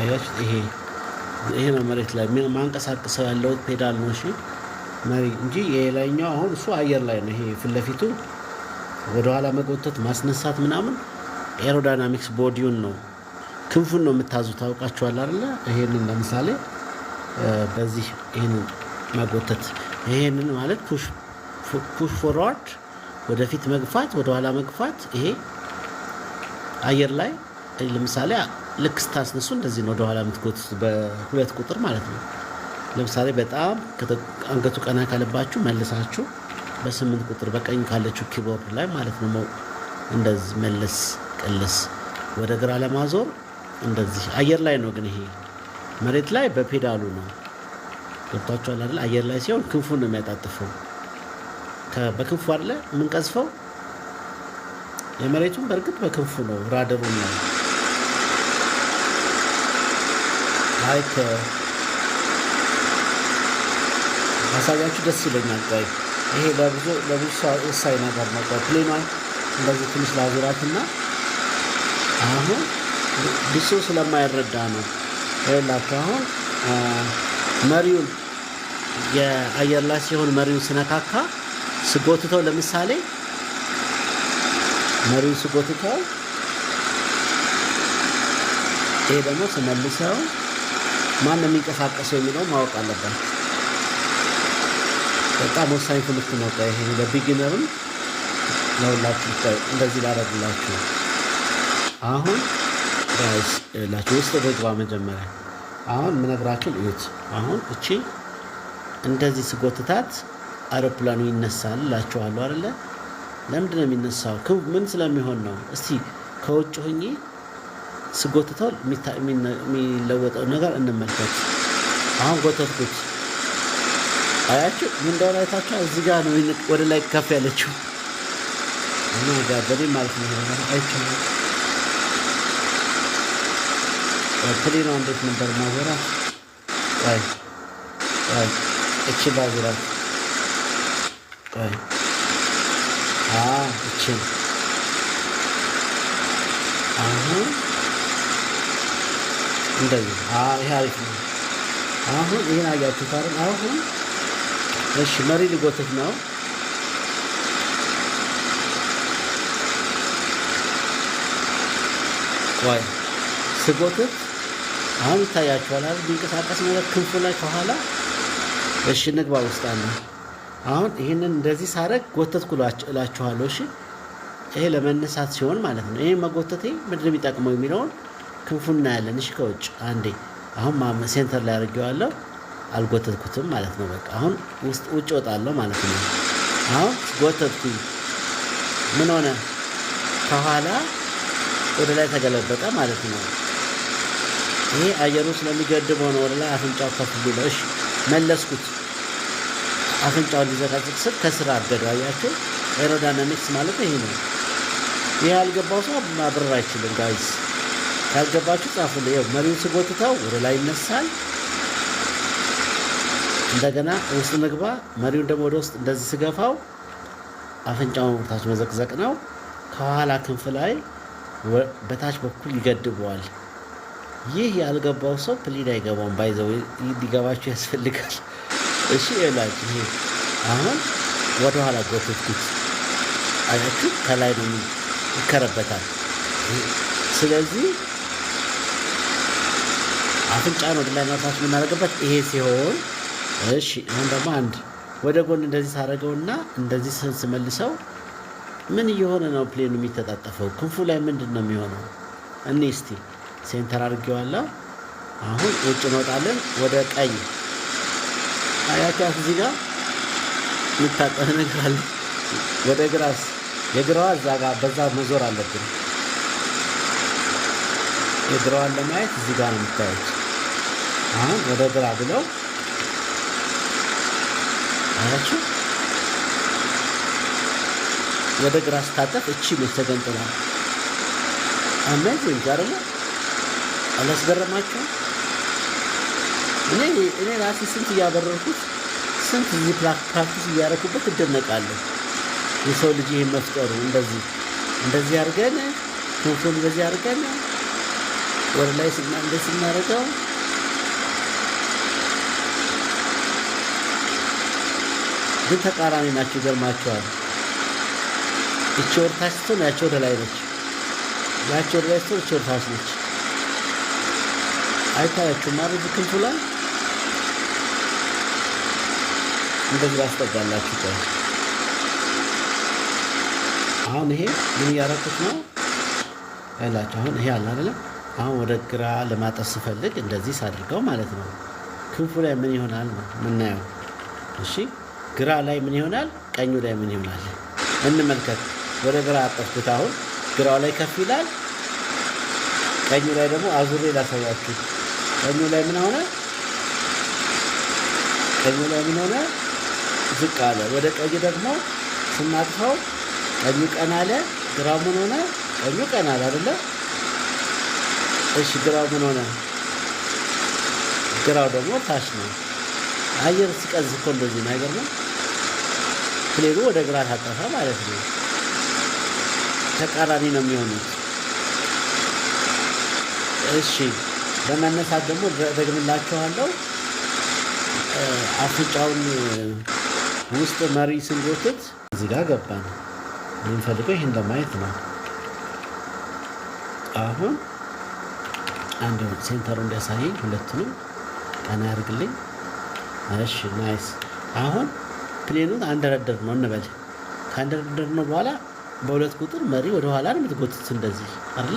አያችሁ፣ ይሄ ይሄ ነው መሬት ላይ ማንቀሳቀሰው ያለው ፔዳል ነው። እሺ መሪ እንጂ የላይኛው አሁን እሱ አየር ላይ ነው። ይሄ ፊት ለፊቱ ወደኋላ መጎተት ማስነሳት ምናምን ኤሮዳይናሚክስ ቦዲውን ነው ክንፉን ነው የምታዙ ታውቃችኋል አይደለ? ይሄንን ለምሳሌ በዚህ ይሄንን መጎተት ይሄንን ማለት ፑሽ ፎርዋርድ ወደፊት መግፋት፣ ወደኋላ መግፋት ይሄ አየር ላይ ለምሳሌ ልክ ስታስነሱ እንደዚህ ነው ወደኋላ የምትጎትቱት በሁለት ቁጥር ማለት ነው። ለምሳሌ በጣም አንገቱ ቀና ካለባችሁ መልሳችሁ በስምንት ቁጥር በቀኝ ካለችው ኪቦርድ ላይ ማለት ነው እንደዚህ መለስ ቅልስ፣ ወደ ግራ ለማዞር እንደዚህ አየር ላይ ነው። ግን ይሄ መሬት ላይ በፔዳሉ ነው። ገብቷችኋል አይደል? አየር ላይ ሲሆን ክንፉን ነው የሚያጣጥፈው። በክንፉ አለ የምንቀዝፈው። የመሬቱን በእርግጥ በክንፉ ነው ራደሩን ነው። ሀይክ ማሳያችሁ ደስ ይለኛል። ቆይ ይሄ ለብዙ ለብዙ እሳይ ነገር ነው። ቆይ ፕሌኗን እንደዚህ ትንሽ ላዙራትና አሁን ብሱ ስለማይረዳ ነው። ይኸውላችሁ አሁን መሪውን የአየር ላይ ሲሆን መሪውን ስነካካ ስጎትተው ለምሳሌ መሪውን ስጎትተው ይሄ ደግሞ ስመልሰው ማን ነው የሚንቀሳቀሰው የሚለው ማወቅ አለበት። በጣም ወሳኝ ትምህርት ነው። ይሄ ለቢግነርም ለሁላችሁ እንደዚህ ላደርግላችሁ። አሁን ላችሁ ውስጥ በግባ መጀመሪያ አሁን ምነግራችሁን እዩት። አሁን እቺ እንደዚህ ስጎትታት አውሮፕላኑ ይነሳል እላችኋለሁ አይደለ? ለምንድን ነው የሚነሳው? ምን ስለሚሆን ነው? እስቲ ከውጭ ሁኚ ስጎትተው የሚለወጠው ነገር እንመልከት። አሁን ጎተትኩት። አያችሁ ምን እንደሆነ አይታችኋል። እዚህ ጋር ነው ወደ ላይ ከፍ ያለችው እና ጋር በኔ ማለት ነው አይቻልም። ፕሌኗ እንዴት ነበር ማዞራ? እችን ላዞራት እችን አሁን እንደዚህ ይሄ አሪፍ ነው። አሁን ይህን አያችሁ አሁን እሺ፣ መሪ ልጎትት ነው። ቆይ ስጎትት አሁን ይታያችኋል አይደል? ቢንቀሳቀስ ክንፉ ላይ ከኋላ እሺ፣ ንግባ ውስጥ አለ። አሁን ይህንን እንደዚህ ሳረግ ጎተትኩ እላችኋለሁ። እሺ፣ ይሄ ለመነሳት ሲሆን ማለት ነው። ይሄ መጎተቴ ምንድን ነው የሚጠቅመው የሚለውን ክንፉና እናያለን። እሺ ከውጭ አንዴ አሁን ሴንተር ላይ አድርጌዋለሁ። አልጎተትኩትም ማለት ነው። በቃ አሁን ውስጥ ውጭ ወጣለሁ ማለት ነው። አሁን ጎተትኩኝ። ምን ሆነ? ከኋላ ወደ ላይ ተገለበጠ ማለት ነው። ይሄ አየሩ ስለሚገድብ ሆነ ወደ ላይ አፍንጫው ከፍ ብሎ እሺ፣ መለስኩት። አፍንጫው ሊዘጋጭቅ ስል ከስር አገደው። አያቸው ኤሮዳይናሚክስ ማለት ይሄ ነው። ይህ ያልገባው ሰው ማብረር አይችልም ጋይዝ ካልገባችሁ ጻፉልኝ። ይኸው መሪውን ስጎትተው ወደ ላይ ይነሳል። እንደገና ውስጥ ምግባ መሪውን ደግሞ ወደ ውስጥ እንደዚህ ስገፋው አፍንጫውን ወደታች መዘቅዘቅ ነው። ከኋላ ክንፍ ላይ በታች በኩል ይገድበዋል። ይህ ያልገባው ሰው ፕሊድ አይገባውም። ባይዘው ሊገባችሁ ያስፈልጋል። እሺ ላች አሁን ወደኋላ ጎትኩት። አያችሁ፣ ከላይ ነው ይከረበታል። ስለዚህ አፍንጫን ወደ ላይ ማንሳት የምናደርግበት ይሄ ሲሆን፣ እሺ አሁን ደግሞ አንድ ወደ ጎን እንደዚህ እና እንደዚህ ስመልሰው ምን እየሆነ ነው? ፕሌኑ የሚተጣጠፈው ክንፉ ላይ ምንድን ነው የሚሆነው? እኔ እስቲ ሴንተር አድርጌዋለሁ። አሁን ውጭ እንወጣለን ወደ ቀኝ። አያቻት እዚህ ጋር የሚታጠፍ ነገር አለ። ወደ ግራስ የግራዋ እዛ ጋር በዛ መዞር አለብን። የግራዋን ለማየት እዚህ ጋር ነው የምታያቸው። አሁን ወደ ግራ ብለው አያችሁ፣ ወደ ግራ ስታጠፍ እቺ ነው ተገንጥላል። አሜዚንግ አይደለ? አላስገረማችሁም? እኔ እኔ ራሴ ስንት እያበረርኩት ስንት እዚህ ፕራክቲስ እያደረኩበት እደነቃለሁ። የሰው ልጅ ይሄን መፍጠሩ እንደዚህ እንደዚህ አድርገን ክንፉን በዚህ አድርገን ወደ ላይ ስና እንደዚህ ስናደርገው ግን ተቃራኒ ናቸው። ይገርማቸዋል። እቺ ወርታች ስትሆን ያቺ ወደ ላይ ነች፣ ያቺ ወደ ላይ ስትሆን እቺ ወርታች ነች። አይታያችሁ ማረጅ ክንቱ ላይ እንደዚህ ላስጠጋላችሁ ይ አሁን ይሄ ምን እያረኩት ነው ያላችሁ። አሁን ይሄ አለ አይደለም። አሁን ወደ ግራ ለማጠፍ ስፈልግ እንደዚህ ሳድርገው ማለት ነው። ክንፉ ላይ ምን ይሆናል ነው ምናየው። እሺ ግራ ላይ ምን ይሆናል? ቀኙ ላይ ምን ይሆናል? እንመልከት። ወደ ግራ አጠፍኩት። አሁን ግራው ላይ ከፍ ይላል፣ ቀኙ ላይ ደግሞ አዙሬ ላሳያችሁ። ቀኙ ላይ ምን ሆነ? ቀኙ ላይ ምን ሆነ? ዝቅ አለ። ወደ ቀኝ ደግሞ ስናጥፈው ቀኙ ቀና አለ። ግራው ምን ሆነ? ቀኙ ቀና አለ አይደለ? እሺ፣ ግራው ምን ሆነ? ግራው ደግሞ ታች ነው። አየር ሲቀዝ እኮ እንደዚህ ነው። አይገርምም? ፕሌኑ ወደ ግራ ታጠፈ ማለት ነው። ተቃራኒ ነው የሚሆኑት። እሺ በመነሳት ደግሞ ደግምላችኋለሁ። አፍንጫውን ውስጥ መሪ ስንጎትት እዚህ ጋር ገባን። የምንፈልገው ይህን ለማየት ነው። አሁን አንድ ሴንተሩ እንዲያሳየኝ ሁለቱንም ቀና ያርግልኝ። እሺ ናይስ አሁን ፕሌኑን አንደረደር ነው እንበል። ከአንደረደር ነው በኋላ በሁለት ቁጥር መሪ ወደኋላ ነው የምትጎትት እንደዚህ አለ።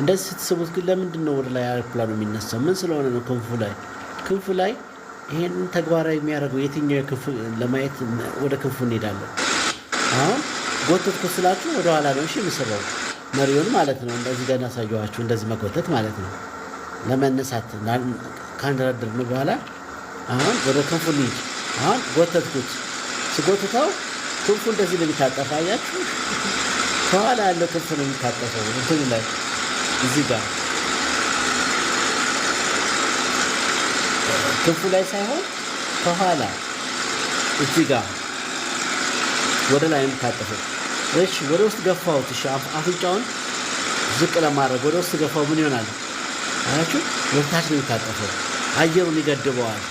እንደዚህ ስትስቡት ግን ለምንድን ነው ወደ ላይ አውሮፕላኑ የሚነሳው? ምን ስለሆነ ነው? ክንፉ ላይ ክንፉ ላይ ይሄንን ተግባራዊ የሚያደርገው የትኛው ክንፍ ለማየት ወደ ክንፉ እንሄዳለን። አሁን ጎተትኩ ስላችሁ ወደኋላ ነው እሺ፣ የምስበው መሪውን ማለት ነው። እንደዚህ ገና ሳየኋችሁ እንደዚህ መጎተት ማለት ነው ለመነሳት ካንደረደር ነው በኋላ አሁን ወደ ክንፉ እንሂድ። አሁን ጎተትኩት። ስጎትተው ክንፉ እንደዚህ ነው የሚታጠፋ። አያችሁ፣ ከኋላ ያለው ክንፍ ነው የሚታጠፈው። እንትን ላይ እዚህ ጋር ክንፉ ላይ ሳይሆን ከኋላ እዚህ ጋር ወደ ላይ የሚታጠፈው። እሺ፣ ወደ ውስጥ ገፋሁት። እሺ፣ አፍንጫውን ዝቅ ለማድረግ ወደ ውስጥ ገፋው። ምን ይሆናል? አያችሁ፣ ወደ ታች ነው የሚታጠፈው። አየሩን ይገድበዋል።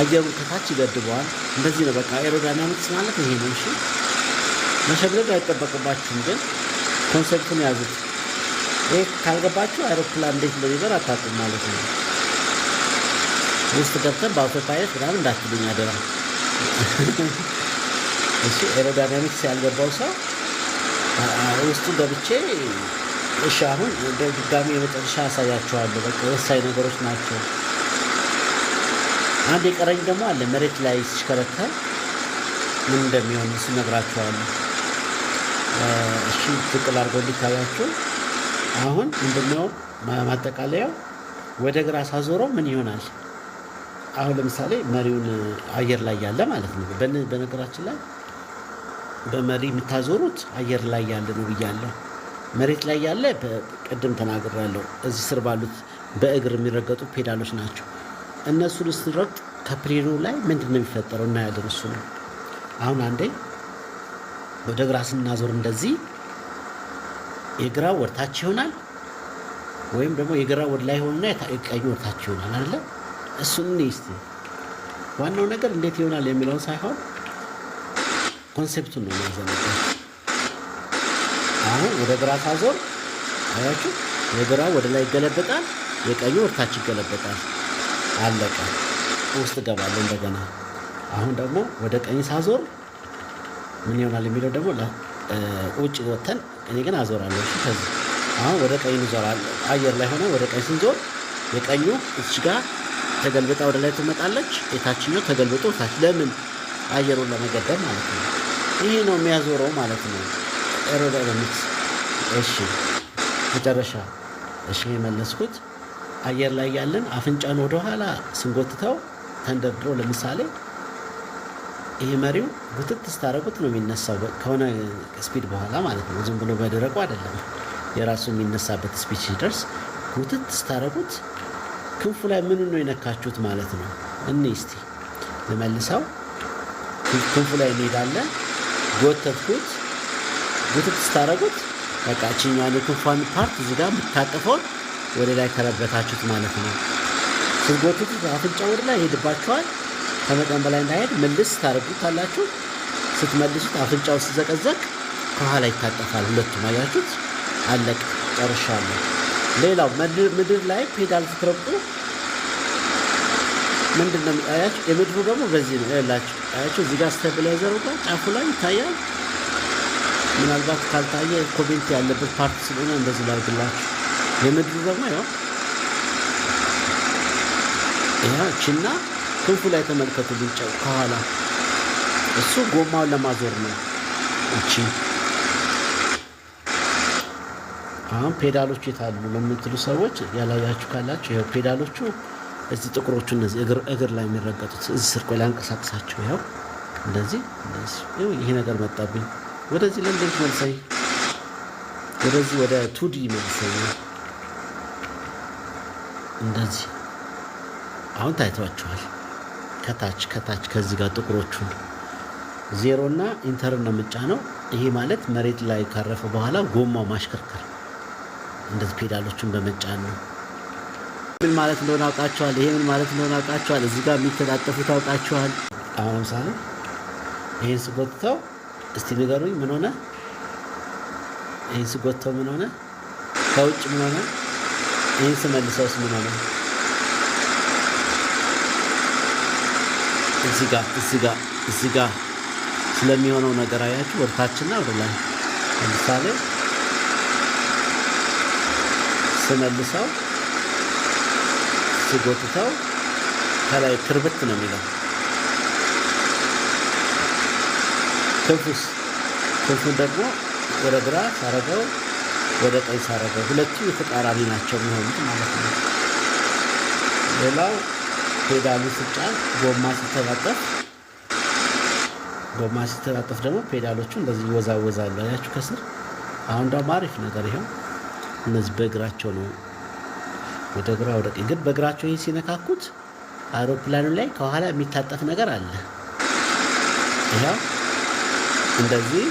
አየሩን ከታች ይገድበዋል። እንደዚህ ነው በቃ ኤሮዳይናሚክስ ማለት ይሄ ነው። እሺ መሸብረድ አይጠበቅባችሁም፣ ግን ኮንሰፕቱን ያዙት። ይህ ካልገባችሁ አይሮፕላን እንዴት እንደሚበር አታውቁም ማለት ነው። ውስጥ ገብተን በአውቶ ፓይለት ምናምን እንዳትሉኝ አደራ። እሺ ኤሮዳይናሚክስ ያልገባው ሰው ውስጡ ገብቼ እሺ አሁን ድጋሚ የመጨረሻ ያሳያችኋለሁ። በቃ ወሳኝ ነገሮች ናቸው። አንድ የቀረኝ ደግሞ አለ። መሬት ላይ ሲሽከረከር ምን እንደሚሆን እሱ እነግራችኋለሁ። እሺ ትቅል አድርገው እንዲታያቸው። አሁን ምንድነው ማጠቃለያው? ወደ ግራ ሳዞረው ምን ይሆናል? አሁን ለምሳሌ መሪውን አየር ላይ ያለ ማለት ነው። በነገራችን ላይ በመሪ የምታዞሩት አየር ላይ ያለ ነው ብያለሁ። መሬት ላይ ያለ ቅድም ተናግሬያለሁ። እዚህ ስር ባሉት በእግር የሚረገጡ ፔዳሎች ናቸው። እነሱን ስንረግጥ ከፕሪሩ ላይ ምንድን ነው የሚፈጠረው እናያለን። እሱ ነው አሁን አንዴ ወደ ግራ ስናዞር እንደዚህ የግራው ወርታች ይሆናል፣ ወይም ደግሞ የግራው ወደ ላይ ሆኑና የቀኙ ወርታች ይሆናል አለ። እሱን እንይስ ዋናው ነገር እንዴት ይሆናል የሚለውን ሳይሆን ኮንሴፕቱን ነው የሚያዘንበት። አሁን ወደ ግራ ሳዞር አያችሁ፣ የግራው ወደ ላይ ይገለበጣል፣ የቀኙ ወርታች ይገለበጣል። አለቀ። ውስጥ እገባለሁ እንደገና። አሁን ደግሞ ወደ ቀኝ ሳዞር ምን ይሆናል የሚለው ደግሞ ውጭ ወተን፣ እኔ ግን አዞራለሁ። ከዚህ አሁን ወደ ቀኝ እንዞራለን። አየር ላይ ሆነ ወደ ቀኝ ስንዞር የቀኙ እች ጋር ተገልብጣ ወደ ላይ ትመጣለች። የታችኛው ተገልብጦ ታች። ለምን አየሩን ለመገደብ ማለት ነው። ይሄ ነው የሚያዞረው ማለት ነው ኤሮዳይናሚክስ። እሺ መጨረሻ እሺ የመለስኩት አየር ላይ ያለን አፍንጫን ወደኋላ ስንጎትተው ተንደርድሮ ለምሳሌ ይሄ መሪው ጉትት ስታረጉት ነው የሚነሳው፣ ከሆነ ስፒድ በኋላ ማለት ነው። ዝም ብሎ በደረቁ አይደለም። የራሱ የሚነሳበት ስፒድ ሲደርስ ጉትት ስታረጉት ክንፉ ላይ ምኑ ነው የነካችሁት ማለት ነው። እኒ እስቲ ልመልሰው። ክንፉ ላይ እንሄዳለን። ጎተትኩት፣ ጉትት ስታረጉት በቃ ክንፏን የክንፏን ፓርት እዚህ የምታቅፈውን ወደ ላይ ከለበታችሁት ማለት ነው። ስትጎትቱት አፍንጫ ወደ ላይ ይሄድባችኋል። ከመጠን በላይ እንዳይሄድ መልስ ታደርጉታላችሁ። ስትመልሱት አፍንጫው ስትዘቀዘቅ ከኋላ ይታጠፋል። ሁለቱም አያችሁት? አለቅ ጨርሻለሁ። ሌላው ምድር ላይ ፔዳል ስትረግጡ ምንድን ነው ያችሁ? የምድሩ ደግሞ በዚህ ነው ያላችሁ ያችሁ እዚህ ጋር ጋር ጫፉ ላይ ይታያል። ምናልባት ካልታየ ኮሜንት ያለበት ፓርቲ ስለሆነ እንደዚህ ላርግላችሁ የምድሩ ደግሞ ይኸው ይኸውችና ክንፉ ላይ ተመልከቱ። ብንጨው ከኋላ እሱ ጎማውን ለማዞር ነው። እቺ አሁን ፔዳሎቹ የታሉ ለምትሉ ሰዎች ያላያችሁ ካላችሁ ይኸው ፔዳሎቹ እዚህ ጥቁሮቹ እነዚህ እግር ላይ የሚረገጡት እዚህ ስር ቆይ ላንቀሳቅሳችሁ። ይኸው እንደዚህ ይሄ ነገር መጣብኝ። ወደዚህ ለምደች መልሰኝ፣ ወደዚህ ወደ ቱዲ መልሰኝ። እንደዚህ አሁን ታይቷቸዋል። ከታች ከታች ከዚህ ጋር ጥቁሮቹን ዜሮና ኢንተር ነው ነው። ይሄ ማለት መሬት ላይ ካረፈ በኋላ ጎማው ማሽከርከር እንደዚህ ፔዳሎቹን በመጫን ነው። ምን ማለት እንደሆነ አውቃችኋል። ይሄ ምን ማለት እንደሆነ አውቃቸዋል እዚህ ጋር የሚተጣጠፉት አውቃችኋል። አሁን ለምሳሌ ይህን ስጎትተው እስቲ ንገሩኝ፣ ምን ሆነ? ይህን ስጎትተው ምን ሆነ? ከውጭ ምን ሆነ? ይህን ስመልሰውስ ምን ሆነ? እዚህ ጋ እዚህ እዚህ ስለሚሆነው ነገር አያችሁ። ወርታችንና ወደ ላይ ለምሳሌ ስመልሰው ስጎትተው ከላይ ክርብት ነው የሚለው። ክንፉስ ክንፉን ደግሞ ወደ ግራ ሳረገው ወደ ቀኝ ሳረገ። ሁለቱ የተቃራኒ ናቸው የሚሆኑት ማለት ነው። ሌላው ፔዳሉ ስጫን ጎማ ሲተጣጠፍ ጎማ ሲተጣጠፍ ደግሞ ፔዳሎቹ እንደዚህ ይወዛወዛሉ። አያችሁ ከስር አሁን ደግሞ አሪፍ ነገር ይኸው እነዚህ በእግራቸው ነው ወደ ግራ ወደ ቀኝ። ግን በእግራቸው ይህ ሲነካኩት አውሮፕላኑ ላይ ከኋላ የሚታጠፍ ነገር አለ። ይኸው እንደዚህ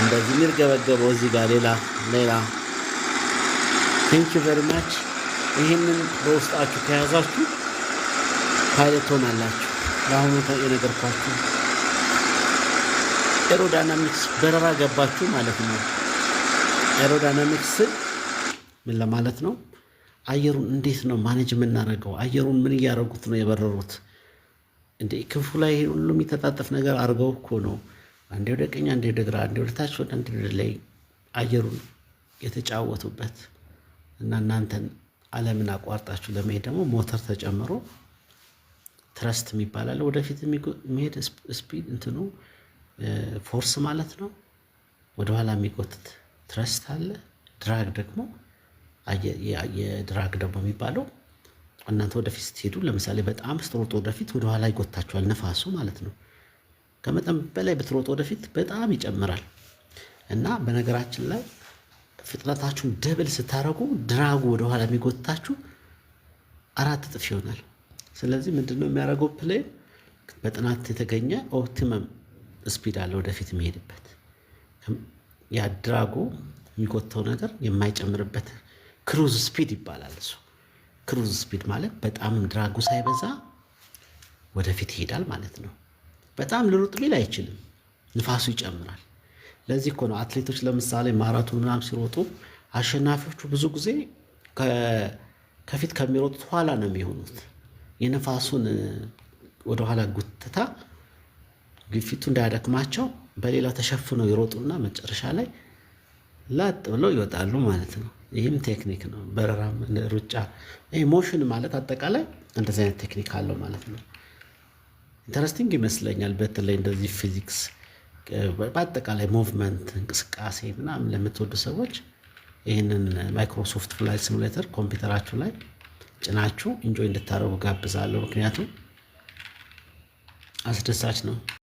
እንደዚህ የሚርገበገበው እዚህ ጋር ሌላ ሌላ። ቴንኪ ቨሪ ማች። ይህንን በውስጣችሁ ከያዛችሁ ፓይለት ትሆናላችሁ። ለአሁኑ የነገርኳችሁ ኤሮዳይናሚክስ በረራ ገባችሁ ማለት ነው። ኤሮዳይናሚክስ ምን ለማለት ነው? አየሩን እንዴት ነው ማኔጅ የምናደርገው? አየሩን ምን እያደረጉት ነው የበረሩት? እንዴ ክንፉ ላይ ሁሉም የተጣጠፍ ነገር አድርገው እኮ ነው አንዴ ወደ ቀኝ፣ አንዴ ወደ ግራ፣ አንዴ ወደ ታች፣ ወደ አንዴ ወደ ላይ አየሩን የተጫወቱበት እና እናንተን ዓለምን አቋርጣችሁ ለመሄድ ደግሞ ሞተር ተጨምሮ ትረስት የሚባላለ ወደፊት የሚሄድ ስፒድ እንትኑ ፎርስ ማለት ነው። ወደኋላ የሚጎትት ትረስት አለ። ድራግ ደግሞ የድራግ ደግሞ የሚባለው እናንተ ወደፊት ስትሄዱ ለምሳሌ በጣም ስትሮጡ ወደፊት ወደኋላ ይጎታችኋል ነፋሱ ማለት ነው። ከመጠን በላይ ብትሮጥ ወደፊት በጣም ይጨምራል እና በነገራችን ላይ ፍጥነታችሁን ደብል ስታደርጉ ድራጉ ወደኋላ የሚጎታችሁ አራት እጥፍ ይሆናል። ስለዚህ ምንድነው የሚያደርገው? ፕሌን በጥናት የተገኘ ኦፕቲመም ስፒድ አለ ወደፊት የሚሄድበት ያ ድራጉ የሚጎተው ነገር የማይጨምርበት ክሩዝ ስፒድ ይባላል። እሱ ክሩዝ ስፒድ ማለት በጣም ድራጉ ሳይበዛ ወደፊት ይሄዳል ማለት ነው። በጣም ልሩጥ ቢል አይችልም፣ ንፋሱ ይጨምራል። ለዚህ እኮ ነው አትሌቶች ለምሳሌ ማራቶን ምናምን ሲሮጡ አሸናፊዎቹ ብዙ ጊዜ ከፊት ከሚሮጡት ኋላ ነው የሚሆኑት። የነፋሱን ወደኋላ ጉትታ ግፊቱ እንዳያደክማቸው በሌላው ተሸፍነው ይሮጡና መጨረሻ ላይ ላጥ ብለው ይወጣሉ ማለት ነው። ይህም ቴክኒክ ነው። በረራ፣ ሩጫ፣ ሞሽን ማለት አጠቃላይ እንደዚህ አይነት ቴክኒክ አለው ማለት ነው። ኢንተረስቲንግ ይመስለኛል። በተለይ እንደዚህ ፊዚክስ በአጠቃላይ ሙቭመንት እንቅስቃሴ ምናምን ለምትወዱ ሰዎች ይህንን ማይክሮሶፍት ፍላይት ሲሙሌተር ኮምፒውተራችሁ ላይ ጭናችሁ እንጆይ እንድታደረጉ ጋብዛለሁ። ምክንያቱም አስደሳች ነው።